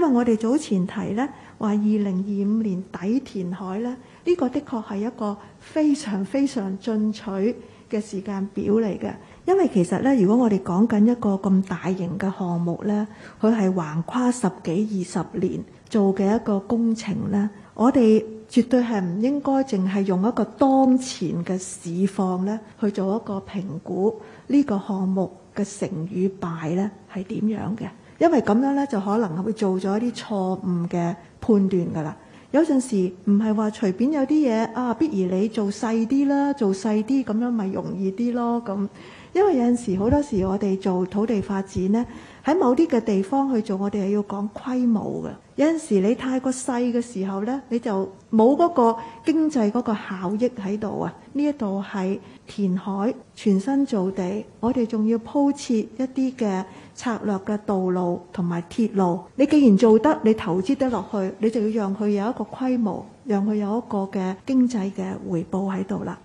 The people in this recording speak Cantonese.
因為我哋早前提呢話，二零二五年底填海呢，呢個的確係一個非常非常進取嘅時間表嚟嘅。因為其實呢，如果我哋講緊一個咁大型嘅項目呢，佢係橫跨十幾二十年做嘅一個工程呢，我哋絕對係唔應該淨係用一個當前嘅市況呢去做一個評估呢個項目嘅成與敗呢，係點樣嘅。因為咁樣咧，就可能會做咗一啲錯誤嘅判斷㗎喇。有陣時唔係話隨便有啲嘢啊，必然你做細啲啦，做細啲咁樣咪容易啲咯咁。嗯因為有陣時好多時我哋做土地發展呢，喺某啲嘅地方去做，我哋係要講規模嘅。有陣時你太過細嘅時候呢，你就冇嗰個經濟嗰個效益喺度啊！呢一度係填海全新造地，我哋仲要鋪設一啲嘅策略嘅道路同埋鐵路。你既然做得，你投資得落去，你就要讓佢有一個規模，讓佢有一個嘅經濟嘅回報喺度啦。